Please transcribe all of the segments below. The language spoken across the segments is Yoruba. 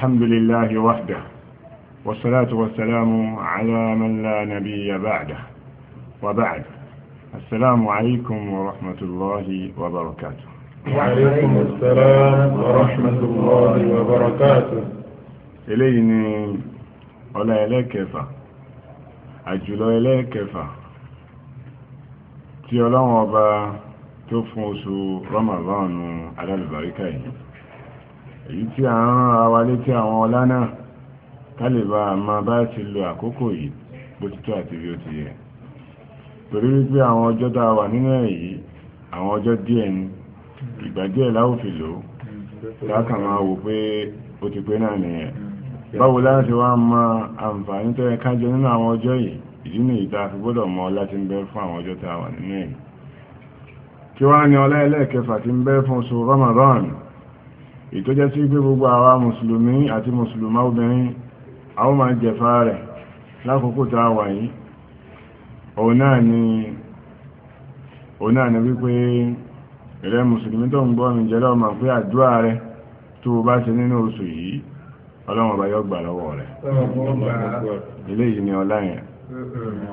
الحمد لله وحده والصلاة والسلام على من لا نبي بعده وبعد السلام عليكم ورحمة الله وبركاته وعليكم السلام ورحمة الله وبركاته إليني ولا إليكفة أجل إليكفة tí ọlọ́run ọba tó fún oṣù ramadan alálùbáríkà èyí tí a ń rán àwa létí àwọn ọlá náà kálíbà máa bá ti lo àkókò yìí bó ti tó àti bí ó ti yẹ torí wípé àwọn ọjọ́ tá a wà nínú ẹ̀ yìí àwọn ọjọ́ díẹ̀ ni ìgbà díẹ̀ láwò fi lò láàkà máa wò pé ó ti pé náà nìyẹn báwo láti wá mọ àǹfààní tó yẹ ká jẹ nínú àwọn ọjọ́ yìí ìdí nìyí tá fi gbọ́dọ̀ mọ láti ń bẹ fún àwọn ọjọ́ tá wà nínú ẹ̀ kí wá ní ọlá ẹlẹ́ẹ̀kẹfà ti ń bẹ fún oṣù Ramadan ìtọ́jẹ́ sí pé gbogbo àwa mùsùlùmí àti mùsùlùmá obìnrin a ó máa jẹ̀fà rẹ̀ lákòókò tá a wà yìí òun náà ni òun náà ni wípé ìrẹ́ mùsùlùmí tó ń gbọ́ mi jẹ́ lọ́wọ́ máa pé àdúrà rẹ̀ tó o bá ṣe nínú oṣù yìí ọlọ́run ọba yóò gbà lọ́wọ́ rẹ̀ eléyìí ni ọlá yẹn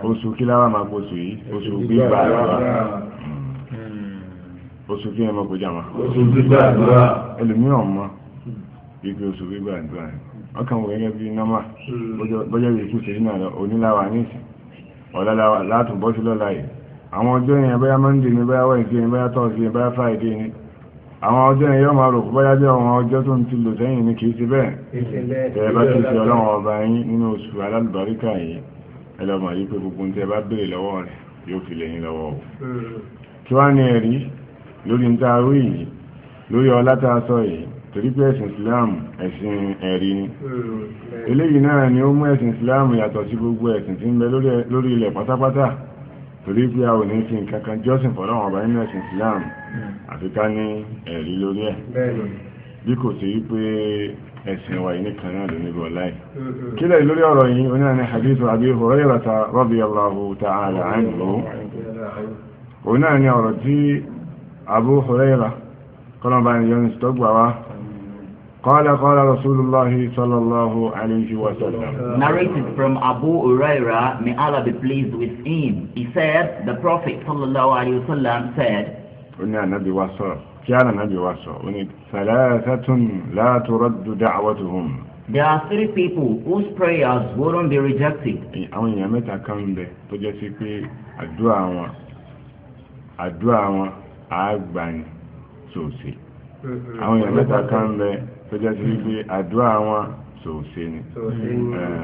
oṣù kí láwa máa pọ̀ oṣù oṣù gbígbà lọ́wọ́ oṣù kí ẹ mọ̀ pẹ̀lú àmà. oṣù gbígbà àdúrà. ẹlòmíràn mọ ibi oṣù gbígbà àdúrà yẹn ọkàn wọ gẹ́gẹ́ bí nọ́mà hmm. bọ́jọ́ yìí kú sẹ́yìn náà oníláwa níìsín ọ̀la látùbọ́ sí lọ́la yìí àwọn ọjọ́ yẹn bóyá monday ni bóyá wednesday ni bóyá thursday ni bóyá friday ni àwọn ọjọ́ yẹn yóò máa rò bóyá bí àwọn ọjọ́ tó ń ti lò sẹ́yìn ni kìí ṣe bẹ́ẹ̀ tẹ̀lé bá ti fi ọlọ́run ọba yín nínú oṣù alálùbáríkà yìí ẹlọ́mọ yìí pé gbogbo ń tẹ́ bá béèrè lọ́wọ́ rẹ̀ yóò fi lẹ́yìn lọ́wọ́ hmm. kí wá ní ẹ̀rí lórí níta aró yìí lórí ọlá tá a sọ yìí torí pé ẹ̀sìn Islam ẹ̀sìn ẹ̀rí ni hmm. eléyìí náà ni ó mú ẹ̀sìn Islam yàtọ̀ sí gbogbo ẹ̀sìn tí ń bẹ lórí ilẹ̀ pátápátá torí pé a ò ní fi nǹkan kan jọ́sìn fọ́lọ́wọ́n ọba nínú ẹ̀sìn Islam hmm. àfi ká ní ẹ̀rí lórí ẹ̀ bí kò sí wípé ẹ̀sìn wa ní kan náà lónìí bọ̀ láì hmm. kílẹ̀ lórí ọ̀rọ̀ yìí oní àní hadith Abi Hurairah radiyallahu ta'ala anhu òun náà ni ọ̀rọ̀ tí abu huraira kọ́nà bá yọ ní sọ́gbà wa قال قال رسول الله صلى الله عليه وسلم narrated from Abu Huraira may Allah be pleased with him he said the prophet صلى الله عليه وسلم said قلنا النبي وصل كان النبي وصل ثلاثة لا ترد دعوتهم There are three people whose prayers wouldn't be rejected. Àwọn èèyàn mẹ́ta kan ń bẹ tó jẹ́ sí pé àdúrà wọn àdúrà wọn àgbàyàn sòsè mm-hmm. àwọn èèyàn mẹ́ta kan ń bẹ tó jẹ́ sí wípé àdúrà wọn sòsè ni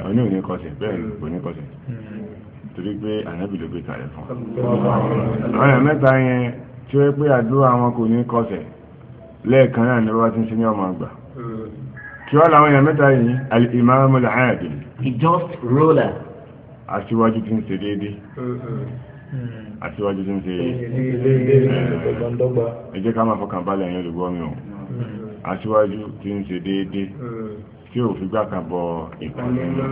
oní òní kọsẹ̀ bẹ́ẹ̀ ni mm. òní kọsẹ̀ mm-hmm. torí pé ànábì ló gbé kalẹ̀ fún mm-hmm. àwọn èèyàn mẹ́ta yẹn tí ó yẹ pé àdúrà wọn kò ní kọsẹ̀ lẹ́ẹ̀kan náà ni wọ́n ti ń ṣe ní ọmọ àgbà kí wọ́n làwọn èèyàn mẹ́ta yìí al-imamul adil the just ruler aṣíwájú ti ń ṣe déédéé Hmm. aṣíwájú tó ń ṣe eh, ẹ jẹ́ ká máa fọkàn balẹ̀ yẹn olùgbọ́ mi o hmm. aṣíwájú tí ń ṣe déédéé hmm. tí ò fi gbá kan bọ ìpàdánù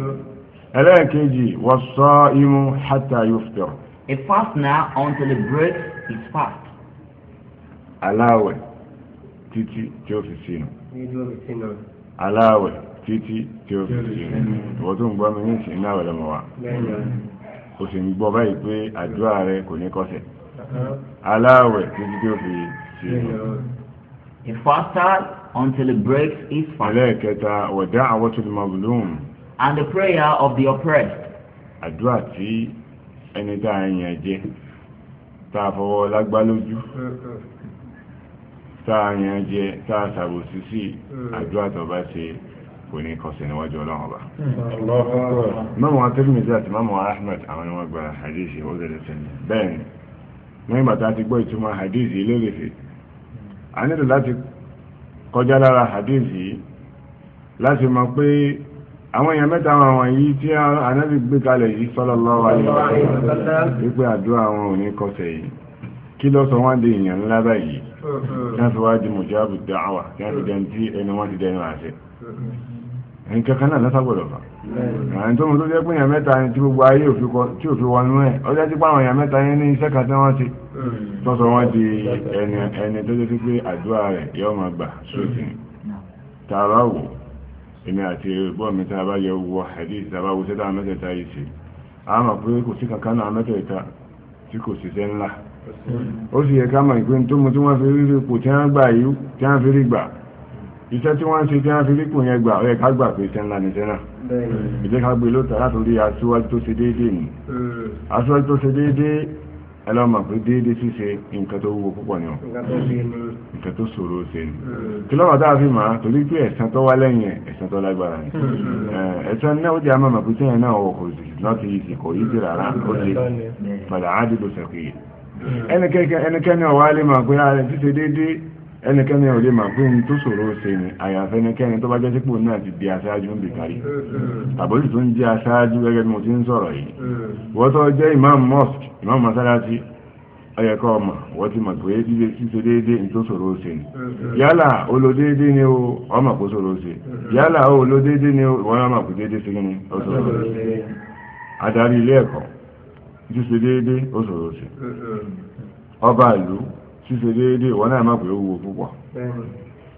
ẹlẹ́ẹ̀kejì was-sā'imu ḥattā yufṭir. a fastener until the breaks is fast. aláwẹ̀ títí tí ó fi sínú. aláwẹ̀ títí tí ó fi sínú. ìwọ́n tó ń gbọ́ mi ní ìsìn náà wẹ̀lẹ́mọ̀ wa o sì ń gbọ́ báyìí pé àdúrà rẹ kò ní kọsẹ̀ aláwẹ̀ títí tí ó fi ṣe é. He until it breaks his fast. ẹlẹ́ẹ̀kẹta wọ̀dá àwọn tó ti mọ̀bùlùm. and the prayer of the oppressed. àdúrà tí ẹni tá a yàn jẹ tá a fọwọ́ lágbá lójú tá a yàn jẹ tá a ṣàbòsí sí àdúrà tó bá ṣe é kò ní kọsẹ̀ níwájú ọlọ́run ọba. mọ́mọ́ wa Tirmidhi àti mọ́mọ́ wa Ahmed àwọn ni wọ́n gba hadith ó dẹ̀ sẹ́yìn bẹ́ẹ̀ ni wọ́n bàtà ti gbọ́ ìtumọ̀ hadith ilé rèfè a nílò láti kọjá lára hadith yìí láti mọ̀ pé àwọn èèyàn mẹ́ta àwọn yìí tí anábì gbé kalẹ̀ yìí sallallahu alaihi wasallam wípé àdúrà wọn ò ní kọsẹ̀ yìí kí ló sọ wọ́n di èèyàn ńlá báyìí kí wọ́n fi wá di mujabu da'wa kí wọ́n fi dẹni tí ẹni wọ́n ti dẹnu àṣẹ nǹkan kan náà lọ́sàgbọ̀dọ̀ kan àwọn tó mú tó jẹ́ pé èèyàn mẹ́ta tí gbogbo ayé tí ò fi wọnú ẹ̀ ó jẹ́ pé àwọn èèyàn mẹ́ta yẹn ní iṣẹ́ kan tí wọ́n ti tọ́sọ wọn di ẹni tó jẹ́ sí pé àdúrà rẹ̀ yóò máa gbà sóòtì tààrà wò èmi àti ẹ̀gbọ́n mi tá a bá yẹ wọ hadith tá a bá wo sẹ́dá mẹ́tẹ̀ẹ̀ta yìí ṣe a mọ̀ pé kò sí kankan náà mẹ́tẹ̀ẹ̀ta tí kò ṣiṣẹ́ ńlá ó sì yẹ ká mọ̀ ìpín tó mu tí wọ́n fi rí ipò tí wọ́n gbà yìí tí wọ́n fi rí gbà iṣẹ́ tí wọ́n ń ṣe tí wọ́n fi rípò yẹn gbà ọ̀yẹ́ ká gbà pé iṣẹ́ ńlá ni iṣẹ́ náà ìjẹ́ ká gbé lóta látòrí aṣíwájú tó ṣe déédé ni mm. aṣíwájú tó ṣe déédé ẹlọ́mà pé déédé ṣíṣe nǹkan tó wúwo púpọ̀ ni nǹkan tó ṣòro ṣe ni mm. kí lọ́wọ́ tá a fi máa torí pé ẹ̀san tó wá lẹ́yìn ẹ̀san tó lágbára ni mm. ẹ̀san náà ó jẹ́ àmọ́ màpé sẹ́yìn náà ó kò sì náà ti yìí kò yìí ti rárá ó lè padà á dìbò sẹ̀kì ẹnikẹ́ni ọ̀wá lè máa pé ara ah, ẹ̀ ṣíṣe déédé ẹnikẹ́ni ò lè tó ni àyàfẹ́ ẹnikẹ́ni tó bá jẹ́ sípò náà ti di aṣáájú ń bì kárí tàbí tó ń jẹ́ aṣáájú gẹ́gẹ́ bí mo ti ń sọ̀rọ̀ yìí wọ́n tó jẹ́ imam mosque imam masalasi ọyẹ̀kọ́ ọmọ wọ́n ti mọ̀ pé ṣíṣe ṣíṣe déédéé ní tó ṣòro ṣe ni yálà olódéédé ni o ọmọ kò ṣòro ṣe yálà olódéédé ni o wọ́n ọmọ déédéé ṣe ni ó ṣe adarí ilé ẹ̀kọ́ ṣíṣe déédéé ó ṣe ọba ìlú ṣíṣe déédé ìwọ náà má pé ó púpọ̀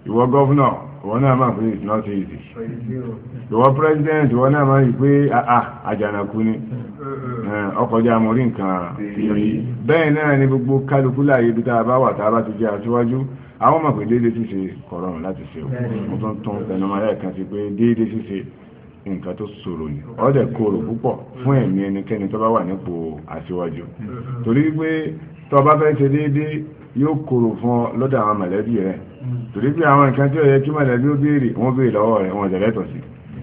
ìwọ gọ́fúnà ìwọ náà not easy ìwọ president ìwọ náà má rí pé àà àjànàkú ni ọkọjá amórí nǹkan bẹ́ẹ̀ náà ni gbogbo kálukú láàyè ibi tá a bá wà tá a bá ti jẹ́ aṣíwájú àwọn ọmọ pé déédé ṣíṣe láti ṣe tún sí pé déédé ṣíṣe nǹkan tó ṣòro ni ọ̀dẹ̀ púpọ̀ tó bá fẹ́ ṣe déédéé yóò kòrò fún ọ lọ́dọ̀ àwọn mọ̀lẹ́bí rẹ̀ mm. torí pé àwọn nǹkan tí ó yẹ kí mọ̀lẹ́bí ó béèrè wọ́n béèrè lọ́wọ́ rẹ̀ wọ́n jẹ̀rẹ̀ tọ̀sí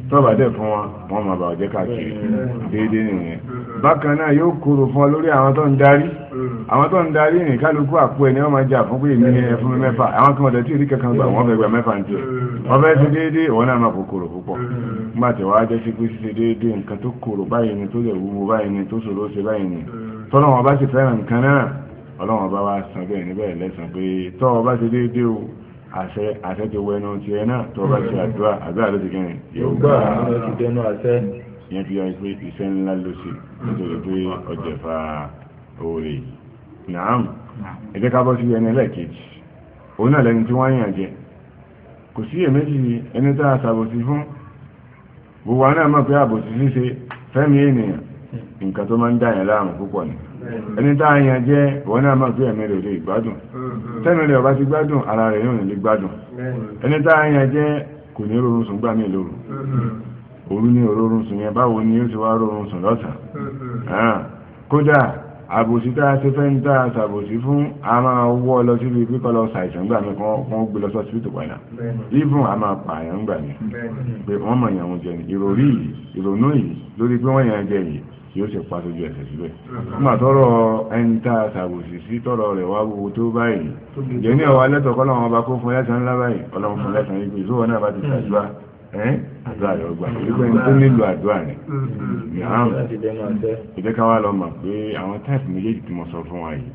tó bá dẹ̀ fún wọn wọ́n máa bà ọ̀jẹ́ káàkiri mm. déédéé nìyẹn bákan náà yóò kòrò fún ọ lórí àwọn tó ń darí mm. àwọn tó ń darí ní kálukú àpò ẹni wọ́n máa jà fún pé èmi ni ẹ fún mi mẹ́fà àwọn kan ọ̀dẹ̀ tí ìdí kankan gbà wọ́n fẹ́ gba mẹ́fà ń tiẹ̀ wọ́n fẹ́ ṣe déédéé ìwọ náà máa kòkòrò púpọ̀ nígbà tí wàá jẹ́ sí pé ṣe déédéé nǹkan tó kòrò báyìí ni tó lè wúwo báyìí ni tó ṣòro ṣe báyìí ni tọ́lọ́wọ́n bá sì fẹ́ràn nǹkan náà ọlọ́run ọba wa san bẹ́ẹ̀ níbẹ̀ lẹ́sàn pé tọ́ ọba ti déédéé o àṣẹ àṣẹ ti wẹnu tiẹ̀ náà tọ́ ọba ti àdúrà àdúrà ló ti kẹrin yóò gbà ìyẹn fi hàn pé iṣẹ́ ńlá ló ṣe nítorí pé ọjẹ̀fà òòrè nàám ẹ jẹ́ ká bọ́ sí ẹni ẹlẹ́ẹ̀kejì òun náà lẹni tí wọ́n yàn jẹ kò sí èméjì ẹni tá a ṣàbòsí fún gbogbo àwọn náà mọ̀ pé àbòsí ṣíṣe fẹ́mi ènìyàn nǹkan tó máa ń dà yẹn láàmú púpọ̀ nìyẹn ẹni tá a yàn jẹ́ wọn náà máa fi ẹ̀mí rẹ̀ lè gbádùn mm-hmm. tẹ́nu rẹ̀ ọba ti gbádùn ara rẹ̀ yóò lè gbádùn mm-hmm. ẹni tá a yàn jẹ́ kò ní rọrùn sùn gbá mi lóru mm-hmm. òru ní òrórùn sùn yẹn báwo ni ó ti wá rọrùn sùn lọ́sàn-án kódà àbòsí tá a ṣe fẹ́ ń tá a ṣàbòsí fún a máa wọ́ lọ síbi pípọ́ lọ ṣàìsàn gbà mí kan gbé lọ sọ́sí tó padà even a máa pààyàn gbà mí pé wọ́n mọ̀ yàn jẹ ìròrí yìí ìrònú yìí lórí pé wọ́n yàn jẹ yìí tí ó sì pa sójú ẹsẹ̀ síbẹ̀. nígbà tọrọ ẹni tá a ṣàbòsí sí tọrọ rẹ̀ wá gbogbo tó báyìí jẹ́ ní ọ̀wá lẹ́tọ̀ọ́ kọ́lọ́wọ́n ọba kó fún ẹlẹ́sàn ńlá báyìí ọlọ́run fún ẹlẹ́sàn yìí pé ìṣòwò náà bá ti ṣàdúrà ẹ́n àdúrà rẹ̀ ọgbà wípé ní tó nílò àdúrà rẹ̀ ìjẹ́ ká wá lọ mọ̀ pé àwọn táìpù méjèèjì tí mo sọ fún wa yìí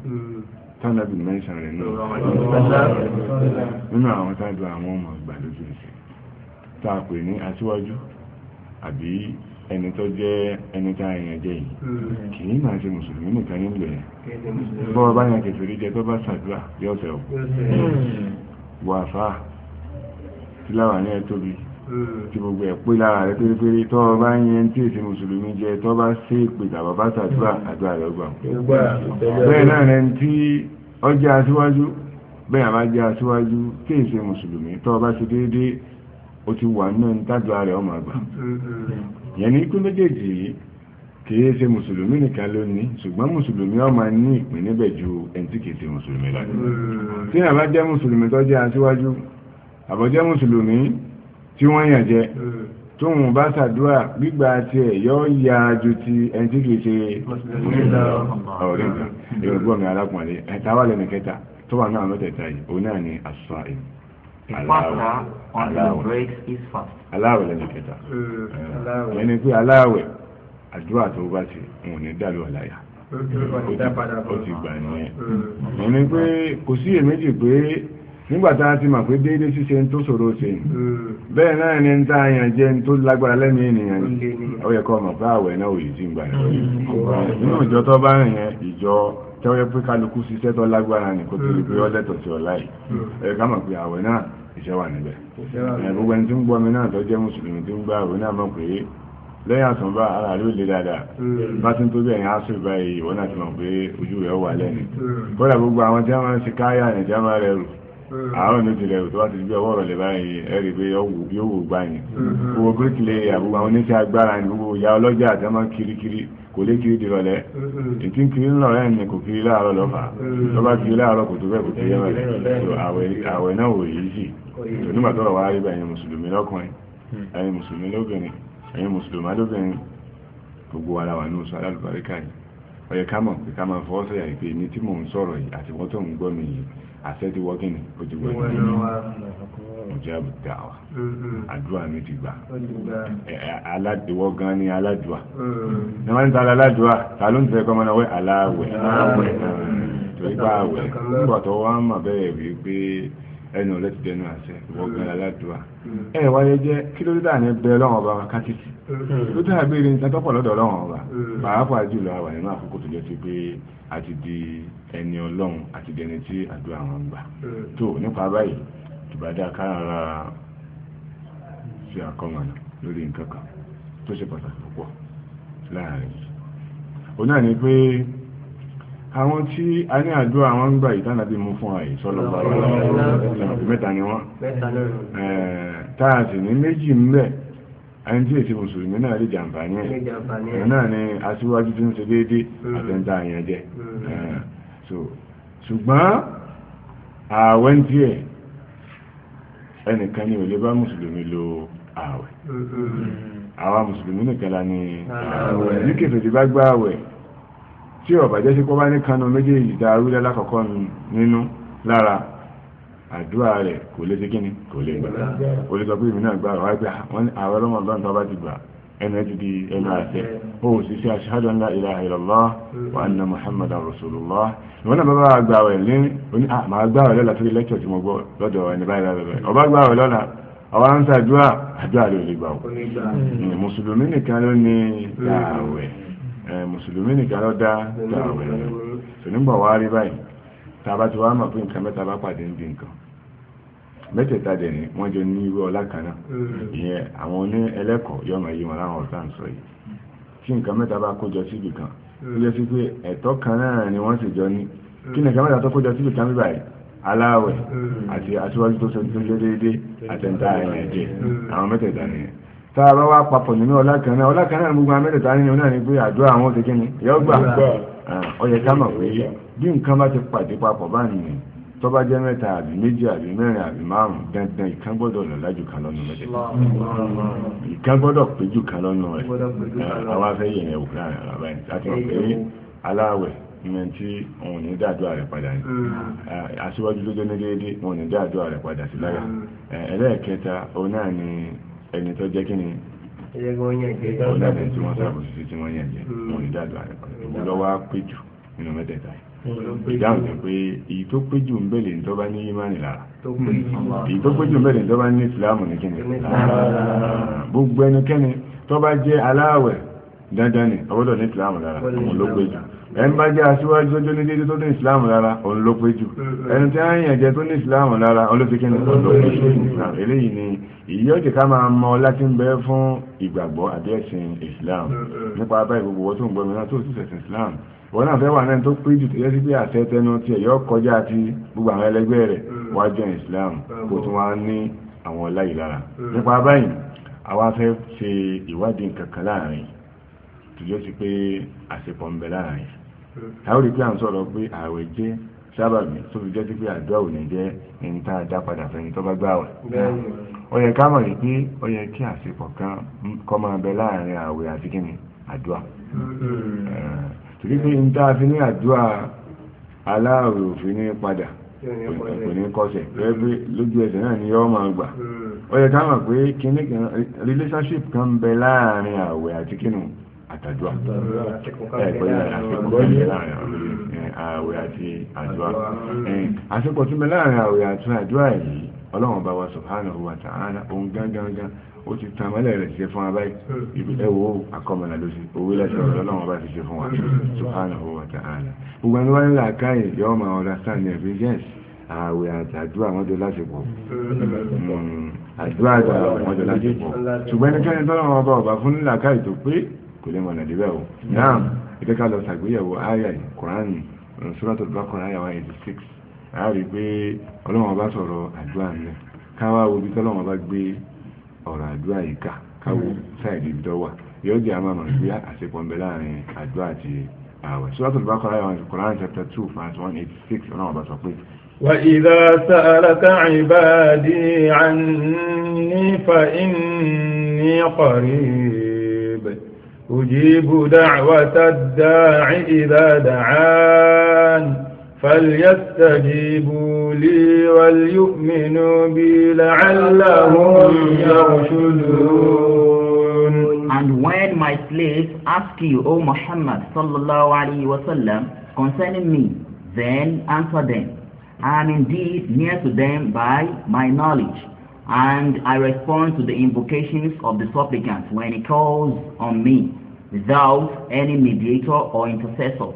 tánàbì mẹ́sàn rẹ̀ náà nínú àwọn táìpù àwọn ọmọ ìgbàlódé tá a pè ní aṣíwájú àbí ẹni tó jẹ́ ẹni tó àyàn jẹ́ yìí hmm. kì í máa ṣe mùsùlùmí nìkan ní ìlú ẹ̀ bọ́ ọba yẹn kẹfìrí jẹ tó bá ṣàdúrà yóò tẹ̀ ọ́ hmm. wàfà tíláwà ní ẹ tóbi hmm. tí gbogbo ẹ̀ pé lára rẹ pérépéré tó ọba yẹn tí èsì mùsùlùmí jẹ tó bá ṣe ìpè tàbá bá ṣàdúrà àdúrà rẹ gbà bẹ́ẹ̀ náà rẹ tí ọjà aṣíwájú bẹ́ẹ̀ àbájá aṣíwájú tí èsì mùsùlùmí tó ọba ṣe déédéé ó ti wà náà ń tájú ààrẹ ọmọ àgbà yẹn ní ikú méjèèjì yìí kìí ṣe mùsùlùmí nìkan ló ní ṣùgbọ́n mùsùlùmí ó máa ní ìpín níbẹ̀ ju ẹni tí kìí ṣe mùsùlùmí lọ tí àbá jẹ́ mùsùlùmí tó jẹ́ aṣíwájú àbọ̀jẹ́ mùsùlùmí tí wọ́n yàn jẹ tóun bá ṣàdúrà gbígbà tiẹ̀ yọ ya ju ti ẹni tí kìí ṣe ọ̀rẹ́ nǹkan èrò gbọ́n mi arákùnrin ẹ̀ta wà lẹ́nu kẹta tó wà náà mẹ́tẹ̀ẹ̀ta yìí òun náà ni àṣà ìlú ìfàsà until it breaks his fast. aláwẹ̀ lẹ́nu kẹta ẹni pé aláwẹ̀ àdúrà tó bá ṣe òun ní dàlú ọ̀láyà ó ti gbà nìyẹn mm. ẹni pé kò sí èméjì pé nígbà ti mà pé déédéé ṣíṣe tó ṣòro ṣe mm. bẹ́ẹ̀ náà ni tá a yàn jẹ́ tó lágbára lẹ́nu ènìyàn ó ti gbà mm. nínú tẹ́ wọ́n yẹ pé kálukú ṣiṣẹ́ tó lágbára ní kó tó lè pé ọlẹ́tọ̀ mm. sí ọ̀la yìí mm. ẹ ká mọ̀ pé àwẹ̀ náà iṣẹ́ wà níbẹ̀ gbogbo ẹni tí ń gbọ́ mi náà tó jẹ́ mùsùlùmí tí ń gbá àwẹ̀ náà mọ̀ pé lẹ́yìn àtúnbá ara rí òde dáadáa mm. bá ti ń tó bí ẹ̀yìn aṣọ ìbáyìí ìwọ náà ti mọ̀ pé ojú rẹ̀ wà lẹ́nu kódà gbogbo àwọn tí a máa káyà ní tí rẹ̀ rù àárọ̀ ní tilẹ̀ tó bá ti gbé ọwọ́ rẹ̀ báyìí ẹ̀rí pé ọwọ́ wò gbá yẹn mm-hmm. gbogbo bíríkìlẹ̀ àgbogbo àwọn oníṣẹ́ agbára ní gbogbo ìyá ọlọ́jà àti kirikiri kò lè kiri di rọ̀lẹ́ ìtí ń kiri ńlọrẹ́ ni kò kiri láàárọ̀ lọ́fà tó bá kiri láàárọ̀ kò tó bẹ́ẹ̀ kò kiri rọ̀lẹ́ tó àwẹ̀ náà wò yìí sì tó nígbà tọ́rọ̀ wá rí bẹ́ẹ̀ mùsùlùmí lọ́kùnrin hmm. ẹ̀yin mùsùlùmí lóbìnrin ẹ̀yin mùsùlùmá lóbìnrin gbogbo ara wà ní oṣù alálùbáríkà yìí ó yẹ ká pé ká máa fọwọ́ sọ̀yà pé ní tí mò ń sọ̀rọ̀ yìí àti wọ́n tó ń gbọ́ mi yìí àṣẹ ti wọ́ ó ti wọ́ mujabu dáwà mm-hmm. àdúrà mi ti gbà aládùúwọ́ gan ni aládùúwà mm-hmm. ní wọ́n ń ta aládùúwà ta ló ń tẹ́ kọ́mọ́nà wẹ́ aláwẹ̀ mm-hmm. torí bá àwẹ̀ nígbà tó wá mà bẹ́ẹ̀ wí pé ẹnu rẹ ti dẹnu àṣẹ ìwọ́n gan aládùúwà ẹ wáyé jẹ́ kí ló dà ní bẹ lọ́wọ́n ọba kátìtì ló dà béèrè ní tọ́pọ̀ lọ́dọ̀ lọ́wọ́n ọba pàápàá jùlọ àwà nínú àkókò tó jẹ́ ti pé àti di ẹni ọlọ́run àti di ẹni tí àdúrà wọn gbà tó nípa báyìí ìbádá káàrà sí àkọmọ̀nà lórí nǹkan kan tó ṣe pàtàkì púpọ̀ láàrin o náà ni pé àwọn tí a ní àdúrà àwọn ń gbà ìtànàbí mú fún àyè sọ́lọ́ mẹ́ta ni wọ́n táà sì ní méjì ń bẹ̀ ẹni tí èsì mùsùlùmí náà lè jàǹfà ní ẹ̀ náà ni aṣíwájú tí ń ṣe déédé hmm. àtẹ́ntà àyànjẹ́ hmm. ṣùgbọ́n ààwẹ́ ń tiẹ̀ ẹnìkan ni ò lè bá mùsùlùmí lo ààwẹ̀ mm-hmm. àwa mùsùlùmí nìkan la ní ààwẹ̀ ní kèfè tí bá gbá ààwẹ̀ tí ọ̀bà jẹ́ sí pọ́ bá ní kánú méjèèjì dá arúgbó lákọ̀ọ́kọ́ nínú lára àdúrà rẹ̀ kò lè ṣe kíni kò lè gbà ó lè sọ pé ìmìnà gbà wọ́n ní ààwẹ̀ lọ́mọdún ẹnu ti di ẹnu àtẹ ó sì ṣe ashhadu an la ilaha illallah wa anna muhammadan rasulullah ìwọ́n náà bàbá àgbàwẹ̀ ní oní ah, àmà àgbàwẹ̀ lọ́la torí lẹ́kítọ̀ tí mo gbọ́ lọ́dọ̀ ẹni báyìí lábẹ́bẹ́ ọba àgbàwẹ̀ lọ́la ọba ń ṣàdúrà àdúrà ló lè gbà ó mùsùlùmí nìkan ló ní dàwẹ̀ mùsùlùmí nìkan ló dá dàwẹ̀ lọ sọ nígbà wá rí báyìí tá mọ̀ pé nǹkan mẹ́ta bá pàdé ń di nǹkan mẹ́tẹ̀ẹ̀ta dẹ̀ ni wọ́n jọ ní irú ọlá kan náà mm. ìyẹn àwọn oní ẹlẹ́kọ̀ọ́ yọ ọmọ yìí wọn láwọn ọ̀tá ń sọ yìí tí nǹkan mẹ́ta bá kójọ síbì kan ó jẹ́ sí pé ẹ̀tọ́ kan náà ni wọ́n sì jọ ní mm. kí nǹkan mẹ́ta tó kójọ síbì kan bíbáyìí aláwẹ̀ mm. àti aṣíwájú tó sẹ́ni tó jẹ́ déédé àtẹ̀ntà ẹ̀yìn ẹ̀jẹ̀ àwọn mẹ́tẹ̀ẹ̀ta nìyẹn tá a bá wá papọ̀ nínú ọlá kan náà ọlá kan náà gbogbo àwọn mẹ́tẹ̀ẹ̀ta nínú náà ni pé àdúrà àwọn ti kí ni yọ gbà ah, ó yẹ ká mọ̀ pé bí nǹkan bá ti pàdé papọ̀ báyìí tó bá jẹ́ mẹ́ta àbí méjì àbí mẹ́rin àbí márùn dandan ìkan gbọ́dọ̀ lọ lájú kan lọ́nu mẹ́tẹ̀ ìkan gbọ́dọ̀ péjú kan lọ́nu rẹ̀ àwọn afẹ́ yẹn ẹ̀wò láàrin ara báyìí láti rọ̀ pé aláwẹ̀ ìyẹn tí òun ní dáadọ́ rẹ̀ padà hmm. ní aṣíwájú lójó ní déédé òun ní dáadọ́ rẹ̀ padà sí lára hmm. ẹlẹ́ẹ̀kẹta òun náà ni ẹni tó jẹ́ kí ni òun náà ni tí wọ́n sábòsí tí ìdáhùn ni pé èyí tó pé jù ń bẹ̀lẹ̀ tó bá ní ìmánì lára èyí tó pé jù ń bẹ̀lẹ̀ tó bá ní ìsìláàmù ní kíni ah, gbogbo ẹnikẹ́ni tó bá jẹ́ aláàwẹ̀ dandan ni ọgbọ́dọ̀ ní ìsìláàmù lára òun ló pé jù mm-hmm. ẹni bá jẹ́ aṣíwájú tó ní dédé tó ní ìsìláàmù lára òun ló pé jù ẹni tí wọ́n yàn jẹ́ tó ní ìsìláàmù lára òun ló fi kíni òun ló pé jù eléyìí ni ìyí ọ̀jẹ̀ ká máa mọ láti ń bẹ fún ìgbàgbọ́ àbí ẹ̀sìn ìsìláàmù mm-hmm. nípa abáyé gbogbo owó tó ń gbọ́ mi náà tó sì ṣẹ̀sìn ìsìláàmù wọn náà fẹ́ wà náà tó pé jù tó yẹ sí pé àṣẹ tẹnu tiẹ̀ yọ kọjá ti gbogbo àwọn ẹlẹgbẹ́ rẹ̀ wájú Islam kò tún wá ní àwọn ọlá yìí lára nípa báyìí àwa fẹ́ ṣe ìwádìí nǹkan kan láàrin tó yẹ sí pé àṣepọ̀ ń bẹ láàrin táwọn rí pé à ń sọ̀rọ̀ pé ààwẹ̀ jẹ́ sábàbí tó fi jẹ́ sí pé àdúrà ò ní jẹ́ ẹni tá a dá padà fẹ́ni tó bá gbà wẹ̀. ó yẹ ká mọ̀ yìí pé ó yẹ kí àṣepọ̀ kan kọ́ máa bẹ láàrin ààwẹ̀ àti kíni àdúrà. Mm-hmm. ríbí pé a fi ní àdúrà aláàrò òfin ní padà kò ní kọsẹ̀ pẹ́ẹ́bí lójú ẹsẹ̀ náà ni yọ́ máa gbà hmm. ó yẹ pé kíní kan relationship kan bẹ láàrin àwẹ̀ àti kínú bẹ láàrin àwẹ̀ àti àdúrà àsìkò tún bẹ láàrin àwẹ̀ àti yìí ọlọ́run bá wa òun gángan gángan. ó ti tan mọ́lẹ̀ rẹ̀ ṣe fún wa báyìí hmm. ibi ẹ̀wọ̀ àkọmọ̀nà ló ṣe owó lẹ́sẹ̀ ọ̀rọ̀ lọ́wọ́ bá ti ṣe fún wa hmm. subhanahu wa ta'ala gbogbo ẹni wá ń là káyè yọ ọmọ ọ̀rọ̀ sáà ní ẹ̀fí yẹ́sì ààwẹ̀ àtàdúrà wọ́n jọ lásìkò hmm. àdúrà àtàdúrà wọ́n jọ lásìkò ṣùgbọ́n ẹnikẹ́ni tọ́lọ́ wọn bá ọba fún nílà káyì tó pé kò lè mọ̀nà débẹ̀ o náà ìkẹ́kà lọ ṣàgbéyẹ̀wò àyà kùránì Suratul Baqara àyà 186 àárí pé ọlọ́wọ́n bá sọ̀rọ̀ àdúrà mẹ́ káwá wo bí tọ́lọ́wọ́n bá gbé ọ̀rọ̀ àdúrà yìí ká káwọ́ mm. sáìdì ibi tó wà yóò jẹ́ àmọ́ àmọ́ bí àṣepọ̀ láàrin àdúrà àti ààwẹ̀ Suratul Baqara Quran chapter two verse one eighty six ọ̀nà ọ̀bà sọ pé. وإذا سألك عبادي عني فإني قريب أجيب دعوة الداع إذا دعان فليستجيبوا لي وليؤمنوا بي لعلهم يرشدون And when my slaves ask you, O Muhammad sallallahu alayhi wa sallam, concerning me, then answer them, I am indeed near to them by my knowledge, and I respond to the invocations of the supplicant when he calls on me, without any mediator or intercessor.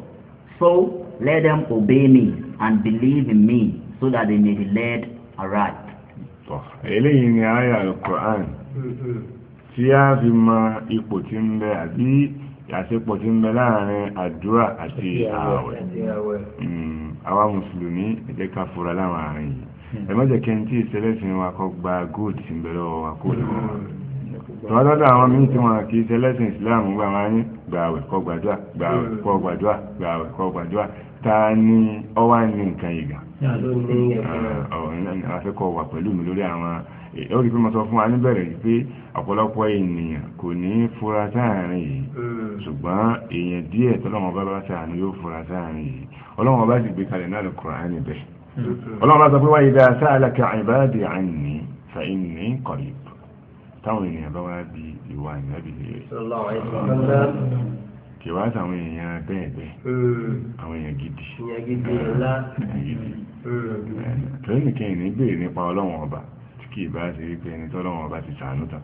So Let them obey me and believe in me so that they may be led aright. Eléyìí ni àyà al mm-hmm. tí a fi mọ ipò tí ń bẹ àbí àṣepọ̀ tí ń bẹ láàrin àdúrà àti ààwẹ̀. Mm, àwa Mùsùlùmí ẹ jẹ́ ká fura láwọn àárín yìí. Mm. Ẹ má jẹ́ kí n tí ìṣẹ̀lẹ̀ sí wa kọ́ gba góòdù tí ń bẹ lọ́wọ́ wa kó lọ́wọ́ wa tọ́wọ́ lọ́dọ̀ àwọn míì tí wọn kì í ṣe lẹ́sìn Islam gbà máa ń gbààwẹ̀ kọ́ gbàdúrà gbààwẹ̀ kọ́ gbàdúrà gbààwẹ̀ kọ́ gbàdúrà ta ni ọwá ní nǹkan ìgbà ah, àfikọ́ wà pẹ̀lú mi lórí àwọn ó rí pé mo sọ fún wa níbẹ̀rẹ̀ yìí pé ọ̀pọ̀lọpọ̀ ènìyàn kò ní fura sáàrin yìí hmm. ṣùgbọ́n èèyàn díẹ̀ tọ́lọ́wọ́n bá bá sáàrin yóò fura sáàrin yìí ọlọ́wọ́n bá sì gbé kalẹ̀ náà lè Kùránì bẹ́ẹ̀ hmm. ọlọ́wọ́n bá sọ pé wa idha sa'alaka ibadi anni fa inni qarib táwọn èèyàn bá wá di ìwà ìnábì rẹ̀ kìwá táwọn èèyàn bẹ́ẹ̀ bẹ́ẹ̀ hmm. àwọn èèyàn gidi tẹ́lẹ̀ kẹ́yìn ní bèèrè nípa ọlọ́wọ̀n ọba tí kì í bá ṣe rí pé ẹni tó ọlọ́wọ̀n ọba ti sàánú tán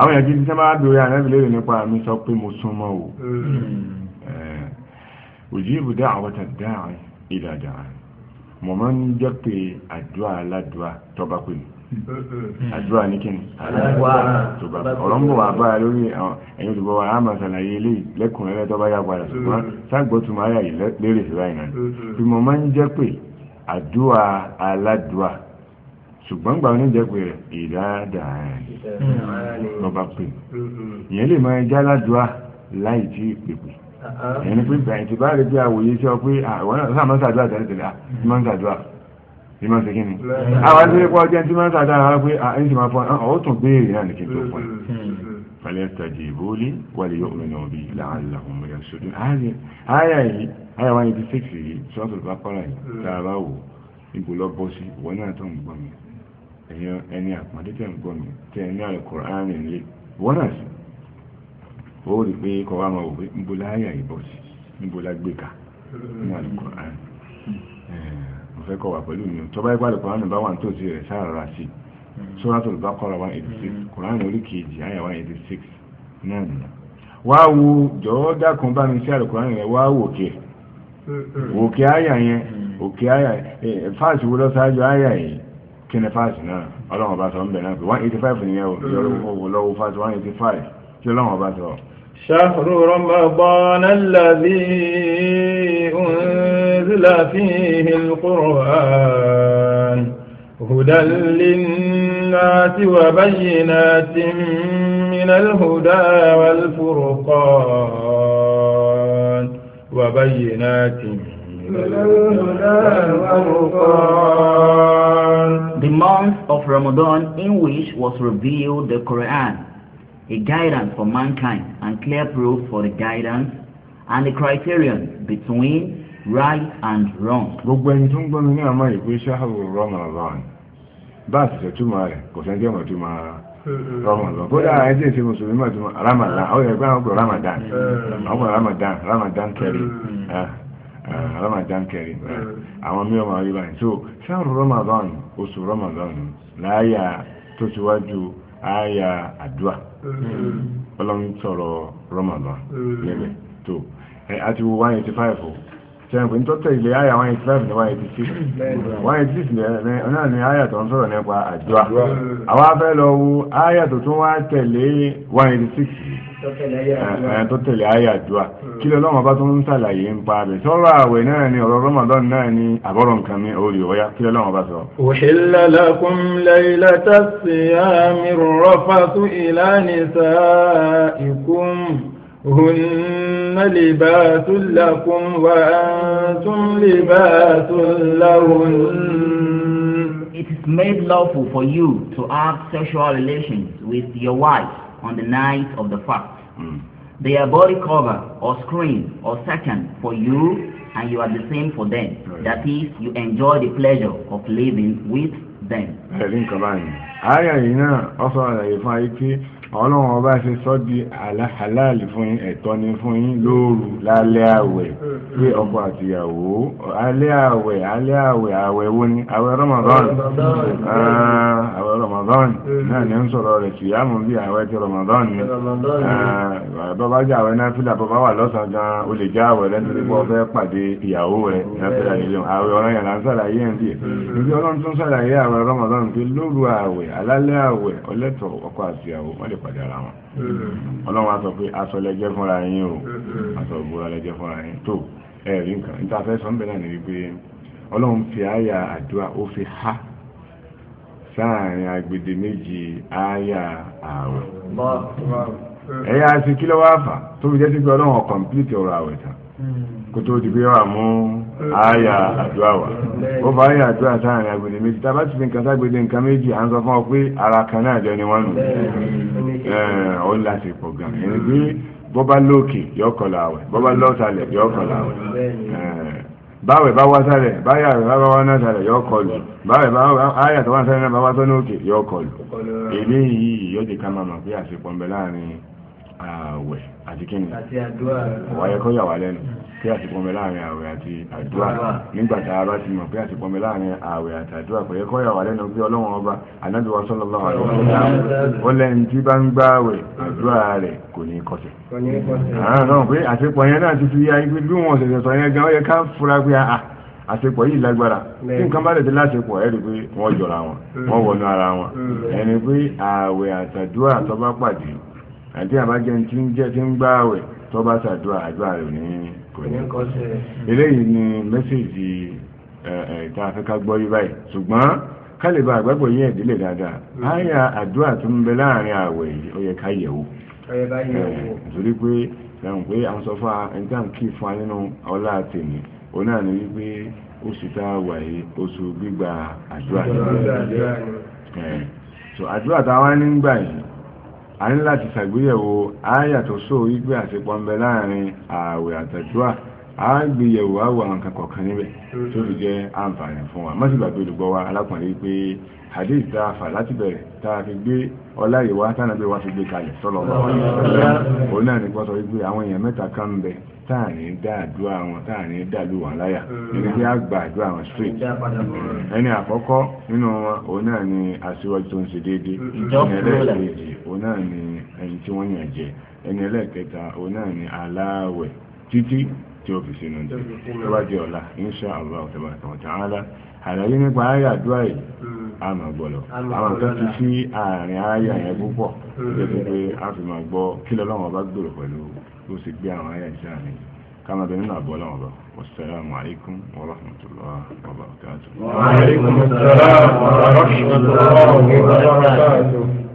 àwọn èèyàn gidi tí wọ́n bá bèèrè ànábì lérè nípa mi sọ pé mo súnmọ́ o òjì ìbùdá àwọn tàdáà ìdàdà mo máa ń jẹ́ pé àdúrà aládùá tọ́ba pè mí Hmm. àdúrà ní kíni ọ̀rọ̀ ń bọ̀ bá a lórí ẹ̀yin olùbọ̀ wa àmà ṣàlàyé ilé lẹ́kùnrin lẹ́tọ́ bá yà padà hmm. ṣùgbọ́n ságbọ́tùmọ̀ ayà yìí lérè sí báyìí náà hmm. bí mo máa ń jẹ́ pé àdúrà aládùúà ṣùgbọ́n gbà ní jẹ́pẹ̀ rẹ̀ ìdáadáa lọ́ba pè ìyẹn lè máa já ládùá láì tí pèpè uh-huh. ẹni pé ìgbà ìtìbá rẹ̀ bí àwòye sí ọ pé àwọn náà máa ń ṣàdúrà tẹ́lẹ̀ ìmọ̀ sí kíni àwọn tí wọ́n jẹ́ tí wọ́n sàdára pé àyíṣì máa fún ọ tún béèrè náà ní kí n tó fún hmm. Hmm. falyastajibu li waliyu'minu bi la'allahum yarshudun àyà yìí àyà wáyé ti sèkì yìí suratul Baqara yìí hmm. tá a bá wò ibò lọ bọ́ sí ìwọ náà tó ń gbọ́ mi ẹ̀yàn ẹni àpàdé tẹ̀ ń gbọ́ mi tẹ̀ ní Al-Qur'ani ìwọ náà fẹ́ kọ̀ wà pẹ̀lú mi tó bá yẹ pàlùkọ́ àmì bá wà ní tòsí rẹ̀ sáà rà sí hmm. Suratul Baqara 186 Kùránì hmm. orí kejì àyà 186 náà nìyà wá wo jọ̀wọ́ dákun bá mi sí àlùkùránì rẹ̀ wá wò kí hmm. òkè àyà yẹn òkè àyà yẹn eh, eh, fáàsì wo lọ́sàájú àyà yẹn kí ni fáàsì náà ọlọ́run ọba sọ ń bẹ̀ náà pé 185 nìyẹn o lọ́wọ́ fáàsì 185 tí ọlọ́run ọba sọ شهر رمضان الذي أنزل فيه القرآن هدى للناس وبينات من الهدى والفرقان وبينات من الهدى والفرقان The month of Ramadan in which was revealed the Quran a guidance for mankind and clear proof for the guidance and the criterion between right and wrong. gbogbo ẹni tó ń gbọ́ mi ní àmọ́ ìpè ṣáàrù Ramadan bá àtìṣe túmọ̀ rẹ̀ kò sẹ́ńtì ọmọ túmọ̀ Ramadan kódà ẹ ti ṣe mùsùlùmí mọ̀ túmọ̀ Ramadan ó yẹ pé àwọn kò Ramadan àwọn kò Ramadan Ramadan kẹrì ah, ah, Ramadan kẹrì ah, àwọn mí ọmọ ayé báyìí so ṣáàrù Ramadan oṣù Ramadan láyà tó ti wájú àyà àdúà mm-hmm. ọlọ́run sọ̀rọ̀ Ramadan lẹ́bẹ̀ mm-hmm. tó àti wo one eighty five o sẹ́yìn pé ní tọ́tẹ̀ ilé àyà one eighty five ní one eighty six mm-hmm. one eighty six náà ni àyà tó ń sọ̀rọ̀ nípa àdúà àwa fẹ́ lọ wo tó tún wá tẹ̀lé one eighty six tó tẹ̀lé àyà àdúà kí lọ lọ́mọ tó ń sàlàyé ń pa bẹ̀ sọ́rọ̀ àwẹ̀ náà ni ọ̀rọ̀ Ramadan náà ni àbọ̀rọ̀ nǹkan mi orí ọ̀yá kí lọ lọ́mọ sọ. uhilla lakum laylata siyami rrafatu ila nisaikum hunna libasun lakum wa antum libasun lahun. It is made lawful for you to have sexual relations with your wife on the night of the fast. Mm. They are body cover or screen or second for you and you are the same for them. Right. That is, you enjoy the pleasure of living with them ọlọ́run ọba ṣe sọ di halal fún yín ẹ̀tọ́ ni fún yín lóru lálẹ́ àwẹ̀ pé ọkọ àtìyàwó alẹ́ àwẹ̀ alẹ́ àwẹ̀ àwẹ̀ wo ni àwẹ̀ Ramadan ah, àwẹ̀ Ramadan náà ní ń sọ̀rọ̀ rẹ̀ síyàmù bí àwẹ̀ ti Ramadan ni ah, bọ́bá jẹ́ àwẹ̀ náà fílà bọ́bá wà lọ́sàn gan o lè já àwẹ̀ lẹ́nu tí wọ́n fẹ́ pàdé ìyàwó rẹ̀ náà fílà nílé àwẹ̀ ọ̀rọ̀ yàrá ń sàlàyé ẹ̀ Ramadan pé lóru àwẹ̀ alálẹ́ àwẹ̀ ọlẹ́tọ̀ ọkọ àtìyàwó wọ́n lè pàdé ara wọn mm-hmm. ọlọ́run á sọ pé aṣọ lẹ́jẹ́ fúnra yín o mm-hmm. aṣọ ìbúra lẹ́jẹ́ fúnra yín tó ẹ̀rí nǹkan níta fẹ́ sọ ń bẹ náà ní wípé ọlọ́run fi àyà àdúrà ó fi há sáàrin agbede méjì àyà ààwẹ̀ mm-hmm. ẹ̀yà sí kí ló wá fà tó fi jẹ́ sí pé ọlọ́run ọ̀ kọ̀m̀plìtì ọ̀rọ̀ àwẹ̀ tán kó tó di pé ó wà mú Aya àdúrà wa ó fa àyà àdúrà sáàrin agbèdè méjì tá a bá ti fi nǹkan ságbèdè nǹkan méjì à ń sọ fún ọ pé ara kan náà jọ ni wọ́n nù ó láti pọ̀ gan ẹni pé bọ́bá lókè yọ kọlà àwẹ̀ bọ́bá lọ́sàlẹ̀ yọ kọlà àwẹ̀ báwẹ̀ bá wá sálẹ̀ báyà bá wá náà sálẹ̀ yọ kọlù báwẹ̀ bá áyà tó wá sálẹ̀ náà bá wá sọ́nà òkè yọ kọlù eléyìí yóò di ká máa mọ̀ pé àṣepọ̀ ń bẹ láàrin ààwẹ̀ àti kíni wàyẹ̀kọ́ yà wá lẹ́nu kí àsìkò mẹ láàrin ààwẹ̀ àti àdúrà nígbà tá a bá ti mọ̀ pé àsìkò mẹ láàrin ààwẹ̀ àti àdúrà kò yẹ yà wà lẹ́nu pé ọlọ́wọ́n ọba Ànábì wa sallallahu alaihi wasallam ó lẹ́yìn tí bá ń gbá ààwẹ̀ àdúrà rẹ̀ kò ní kọsẹ̀. àwọn pé àsìkò yẹn náà ti fi ya ibi bí wọn ṣẹ̀ṣẹ̀ sọ yẹn gan ó yẹ ká fura pé a ah, ah, àsepọ̀ yìí lágbára tí nǹkan bá dẹ̀dẹ̀ lásepọ̀ ẹ̀rí pé wọ́n jọra wọn mm. wọ́n wọnú ara wọn mm. Mm. ẹni pé ààwẹ̀ àtàdúrà tó bá pàdé àti àbájẹ́ tí ń jẹ́ tí ń gbá ààwẹ̀ tó bá àdúrà rẹ̀ ní eléyìí ni mẹ́sẹ̀jì ìta afẹ́ká gbọ́ yí báyìí ṣùgbọ́n kálíbà àgbàgbọ́ yẹn ìdílé dáadáa mm-hmm. àyà àdúrà tó ń bẹ láàrin àwẹ̀ yìí ó yẹ ká yẹ̀wò nítorí pé ẹ̀hún pé àwọn sọ fún ẹ̀ńtàn kì í fún wa nínú ọlá tèmi òun náà ní wípé oṣù tá a wà yìí oṣù gbígba àdúrà so àdúrà táwa ní ń gbà yìí a ní láti ṣàgbéyẹ̀wò àyà tó sọ wípé àṣepọ̀ ń bẹ láàrin ààwẹ̀ àtàdúrà a gbé yẹ̀wò àwọn nǹkan kọ̀ọ̀kan níbẹ̀ tó fi jẹ́ àǹfààní fún wa má sì gbàgbé olùgbọ́ alákùnrin pé hadith tá a fà láti bẹ̀rẹ̀ tá a fi gbé ọlá ìwá tánàbí wá fi gbé kalẹ̀ sọ́lọ́ òun náà ní pọ́sọ̀ wípé àwọn èèyàn mẹ́ta kan ń bẹ táàní dá àdúrà wọn táàní dàlú wọn láyà ẹni tí a gba àdúrà wọn straight ẹni àkọ́kọ́ nínú wọn òun náà ní aṣíwájú tó ń ṣe déédéé ẹni ẹlẹ́ẹ̀kejì òun náà ní ẹni tí wọ́n yàn jẹ ẹni ẹlẹ́ẹ̀kẹta òun náà ní aláàwẹ̀ títí tí ó fi sínú jẹ tó bá jẹ ọ̀la insha Allah ọ̀tẹ̀bàtàn ọ̀tẹ̀ àlàyé nípa ayé àdúrà yìí àmà gbọ́lọ̀ àwọn nǹkan ti sí àárín ayà yẹn hmm. púpọ̀ tó hmm. jẹ́ pé a fi máa gbọ́ kí lọ́lọ́wọ́n bá gbèrò pẹ̀lú bó sì gbé àwọn ayà ìṣẹ́ àmì كما بيننا بولا وبا والسلام عليكم ورحمة الله وبركاته